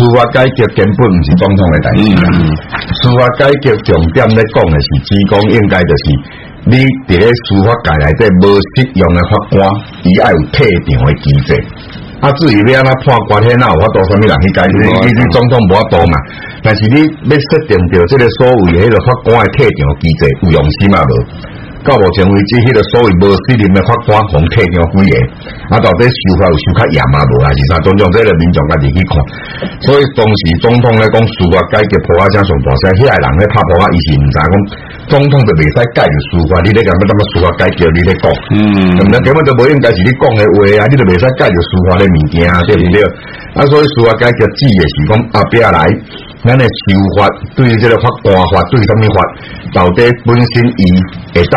司法改革根本唔是總統嘅代誌，嗯嗯嗯，司法改革重點咧講嘅是，職工應該就是，你佇咧司法法界內，即係無適用嘅法官，伊要有退場嘅機制。啊，至於你阿那判官天老發到啥物人去干預，那個，總統唔多嘛。但是你要設定掉這個所謂迄個法官嘅退場機制，有用先嘛無？到目前為止，迄個所謂無師人的法官、皇帝、鳥歸個，啊到底司法有司較嚴啊無啊？是啥？中央這個民眾家己去看，所以當時總統咧講司法改革破壞，將上大些，遐人咧拍破壞，伊是毋知講總統就未使改革司法，你咧講乜他媽司法改革，你咧講，嗯，根本就無應該是你講的話啊，你都未使改革司法的物件，啊，對不對？啊，所以司法改革只也是咁阿表來，咱的司法對這個法官法對啥物法，到底本身伊會當。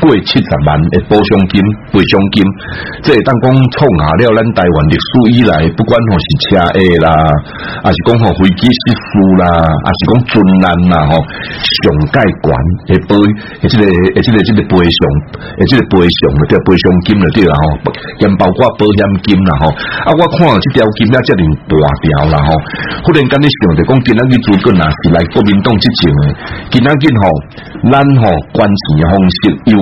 過七十萬的保險金，賠償金，即當講創下了咱台灣歷史以來，不管吼是車禍啦，還是講吼飛機失事啦，還是講災難啦吼上蓋管嘅保，即係即個即係賠償，即係賠償嗰個賠償金嗰啲啦，嗬，連包括保險金，金，金啦，嗬，啊，我看到呢條金啊，真係大條啦，嗬，忽然間你想著講今仔日最近啊，是來國民黨執政的，今仔日嗬，咱吼軍事的方式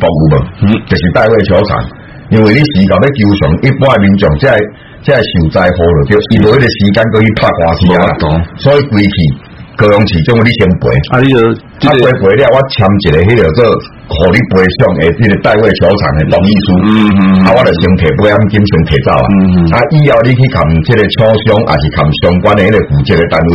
博物館，嗯，就是代位求償，因為啲是間比較長，一般係民眾，即係即係受災戶了，叫全部啲時間都去拍官司先啦。嗯、所以歸去，高雄市將你先賠，啊你著，啊、這個、賠賠了，我簽一個，個做互你賠償，誒迄個代位求償嘅同意書。嗯嗯，嗯嗯啊，我著先提保險金，先摕走啊。嗯嗯，嗯啊，以後你去共，即個廠商，還是共相關嘅迄個負責嘅單位。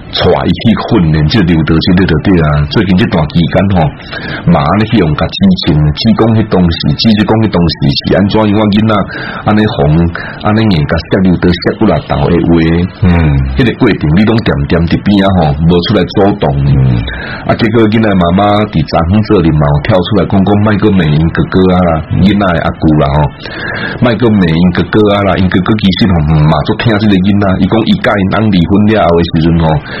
帶伊去訓練即個劉德華呢著對啊！最近這段期間嗬，馬你用架之前講迄當時，只是講迄當時是安怎樣啊囡啦，安尼互安尼硬甲石榴摔骨榴倒誒圍，嗯，迄、那個過程你攏點點啲邊啊吼，無出來做動。啊、嗯，結果囡仔媽媽佇昨昏這裏嘛有跳出來，講講賣擱罵因哥哥啊啦，囡仔誒阿舅啦，嗬，賣擱罵因哥哥啊啦，因哥哥其實吼毋嘛做聽即個囡仔伊講伊甲因翁離婚了誒時陣吼。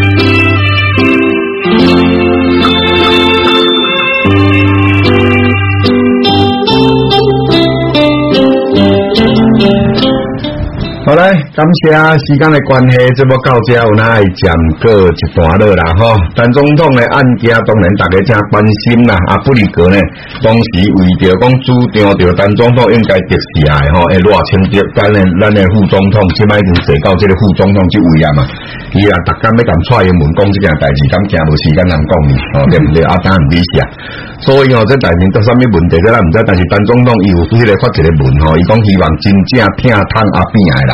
好嘞，感謝時間的關係，這麼到這，我呢講過一段落了啦吼，陳、哦、總統的案件當然大家正關心啦，阿布里格呢，當時為着講主張，着陳總統應該特赦啊吼，會偌清楚，當然咱的副總統這已經坐到這個副總統這位啊嘛。伊、哦、啊，大家沒敢出言門講這件代志，咁驚無時間能講哩，對不對？阿丹唔理事啊。所以，我、哦、這代表着什麼問題，咱唔知道，但是陳總統有出嚟發這個文吼，伊、哦、講希望真正聽湯阿炳來啦。